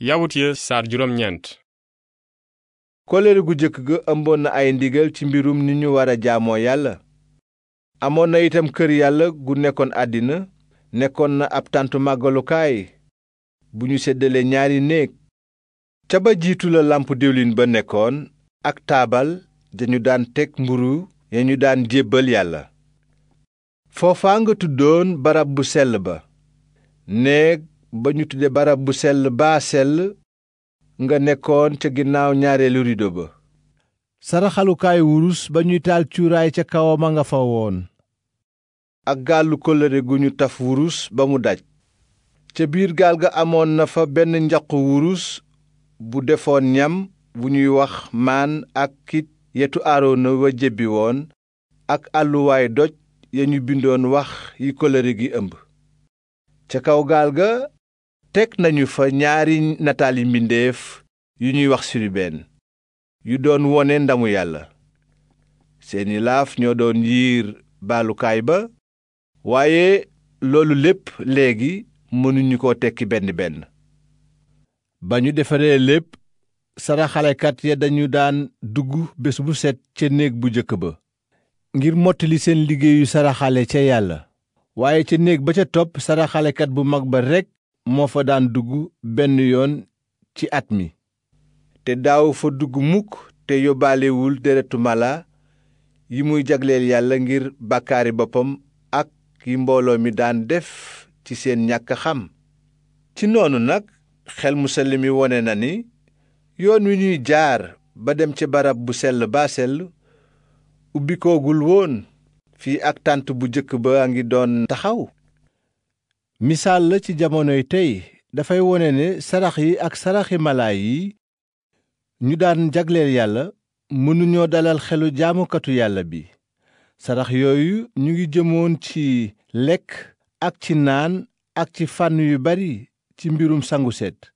yawut ya juróom ñeent kóllëre gu jëkk ga ëmboon na ay ndigal ci mbirum ni ñu war a jaamoo yàlla amoon na itam kër yàlla gu nekkoon àddina nekkoon na ab tàntu màggalukaay bu ñu seddale ñaari néeg ca ba jiitu la làmp diwlin ba nekkoon ak taabal dañu daan teg mburu ya ñu daan jébbal yàlla foofaa nga tuddoon barab bu sell ba néeg ba ñu tudde barab bu sell baa sell nga nekkoon ca ginnaaw ñaareelu rido ba saraxalukaay wurus ba ñuy taal cuuraay ca kawam a nga fa woon ak gaalu kóllëre gu ñu taf wurus ba mu daj ca biir gaal ga amoon na fa benn njaqu wurus bu defoon ñam bu ñuy wax maan ak kit yetu aaroona wa jébbi woon ak àlluwaay doj ya ñu bindoon wax yi kóllëre gi ëmb ca kaw gaal ga teg nañu fa ñaari nataali mbindeef yu ñuy wax siribeen yu doon wone ndamu yàlla seeni laaf ñoo doon yiir baalukaay ba waaye loolu lépp léegi mënuñu ko tekki benn benn ba ñu defaree lépp saraxalekat ya dañu daan dugg bés bu set ca néeg bu jëkk ba ngir mottali seen liggéeyu saraxale ca yàlla waaye ca néeg ba ca topp saraxalekat bu mag ba rekk moo fa daan dugg benn yoon ci at mi te daaw fa dugg mukk te yóbbaalewul deretu mala yi muy jagleel yàlla ngir bàkkaari boppam ak yi mbooloo mi daan def ci seen ñàkk xam ci noonu nag xel mu sell mi wone na ni yoon wi ñuy jaar ba dem ca barab bu sell baa sell ubbikoogul woon fii ak tànt bu jëkk ba a ngi doon taxaw misaal la ci jamonoy tey dafay wone ne sarax yi ak saraxi malaay yi ñu daan jagleel yàlla mënuñoo dalal xelu jaamukatu yàlla bi sarax yooyu ñu ngi jëmoon ci lekk ak ci naan ak ci fànn yu bari ci mbirum sangu set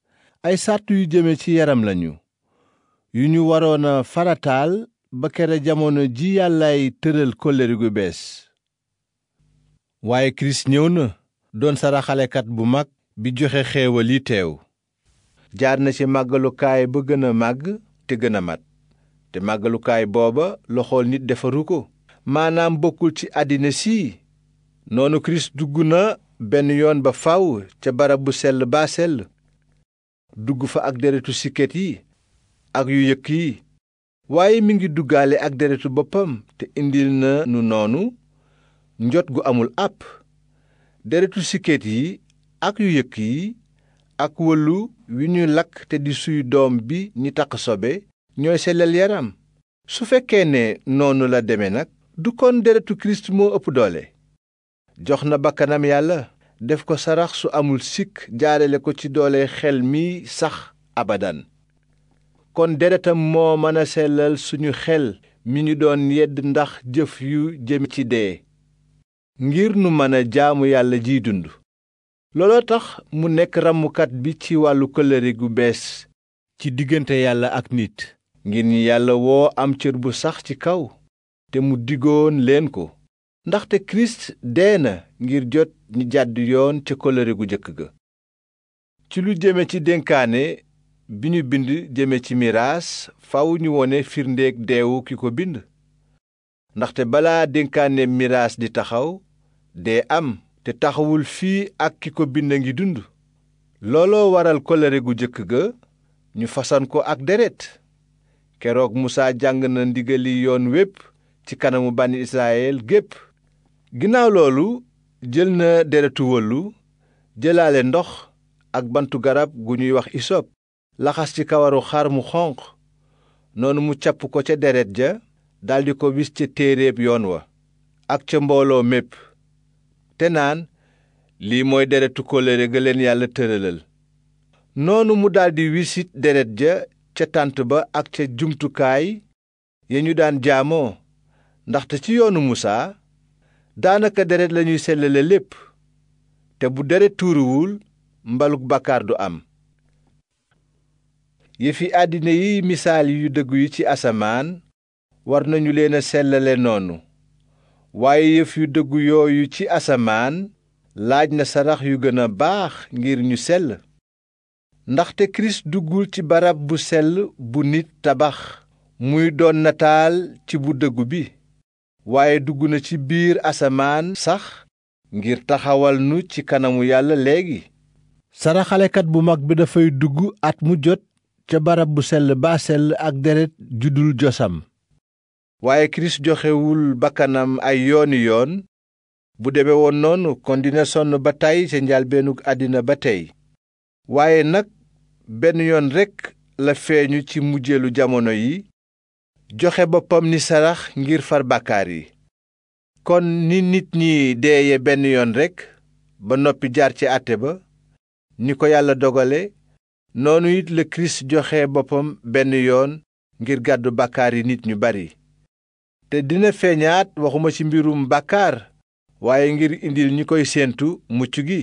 ay sàrt yu jëme ci yaram lañu yu ñu waroon a farataal ba kere jamono ji yàllaay tëral kóllëre gu bees waaye kirist ñëw na doon saraxalekat bu mag bi joxe xéewal yi teew jaar na ci màggalukaay ba gën a màgg te gën a mat te màggalukaay booba loxool nit defaru ko maanaam bokkul ci àddina sii noonu kirist dugg na benn yoon ba faw ca barab bu sell baa sell dugg fa ak deretu siket yi ak yu yëkk yi waaye mi ngi duggaale ak deretu boppam te indi na nu noonu njot gu amul àpp deretu siket yi ak yu yëkk yi ak wëllu wi ñu lakk te di suy doom bi ñi taq sobe ñooy sellal yaram su fekkee ne noonu la deme nag du kon deretu kirist moo ëpp doole jox na bakkanam yàlla def ko sarax su amul sikk jaarale ko ci doole xel mi sax abadan kon deretam moo mën a sellal suñu xel mi ñu doon yedd ndax jëf yu jëm ci dee ngir nu mëna jaamu yàlla jiy dund looloo tax mu nekk rammukat bi ci wàllu kóllëre gu bees ci diggante yàlla ak nit ngir ñi yàlla woo am cër bu sax ci kaw te mu digoon leen ko ndaxte kirist dee na ngir jot ñi jàdd yoon ca kóllëre gu jëkk ga ci lu jëme ci dénkaane bi ñu bind jëme ci miraas faw ñu wone firndeek deewu ki ko bind ndaxte balaa dénkaane miraas di taxaw dee am te taxawul fii ak ki ko bind a ngi dund looloo waral ko kóllëre gu jëkk ga ñu fasan ko ak deret keroog musaa jàng na ndigali yoon wépp ci kanamu bànni israyel gépp ginnaaw loolu jël na deretu wëllu jëlale ndox ak bantu garab gu ñuy wax isop laxas ci kawaru xar mu xonq noonu mu capp ko ca deret ja daldi ko wis ca téeréeb yoon wa ak ca mbooloo mépp te naan lii mooy deretu kóllëre ga leen yàlla tëralal noonu mu daldi wisit deret ja ca tànt ba ak ca jumtukaay ya ñu daan jaamoo ndaxte ci yoonu musa daanaka deret lañuy sellale lépp te bu deret tuuruwul mbalug bàkkaar du am yëfi àddina yi misaal yu dëgg yi ci asamaan war nañu leen a sellale noonu waaye yëf yu dëggu yooyu ci asamaan laaj na sarax yu gën a baax ngir ñu sell ndaxte kirist duggul ci barab bu sell bu nit tabax muy doon nataal ci bu dëggu bi waaye dugg na ci biir asamaan sax ngir taxawal nu ci kanamu yàlla léegi saraxalekat bu mag bi dafay dugg at mu jot ca barab bu sell baa sell ak deret ju dul josam waaye kirist joxewul bakkanam ay yoon yoon bu deme woon noonu kon dina sonn ba tàyyi ca njàlbeenug àddina ba tey waaye nag benn yoon rekk la feeñu ci mujjeelu jamono yi joxe boppam ni sarax ngir far bàkkaar yi kon ni nit ñi deeye benn yoon rekk ba noppi jaar ci àtte ba ni ko yàlla dogale noonu it la kirist joxe boppam benn yoon ngir gàddu bakkaar yi nit ñu bari te dina feeñaat waxuma ci mbirum bàkkaar waaye ngir indil ñi koy séentu mucc gi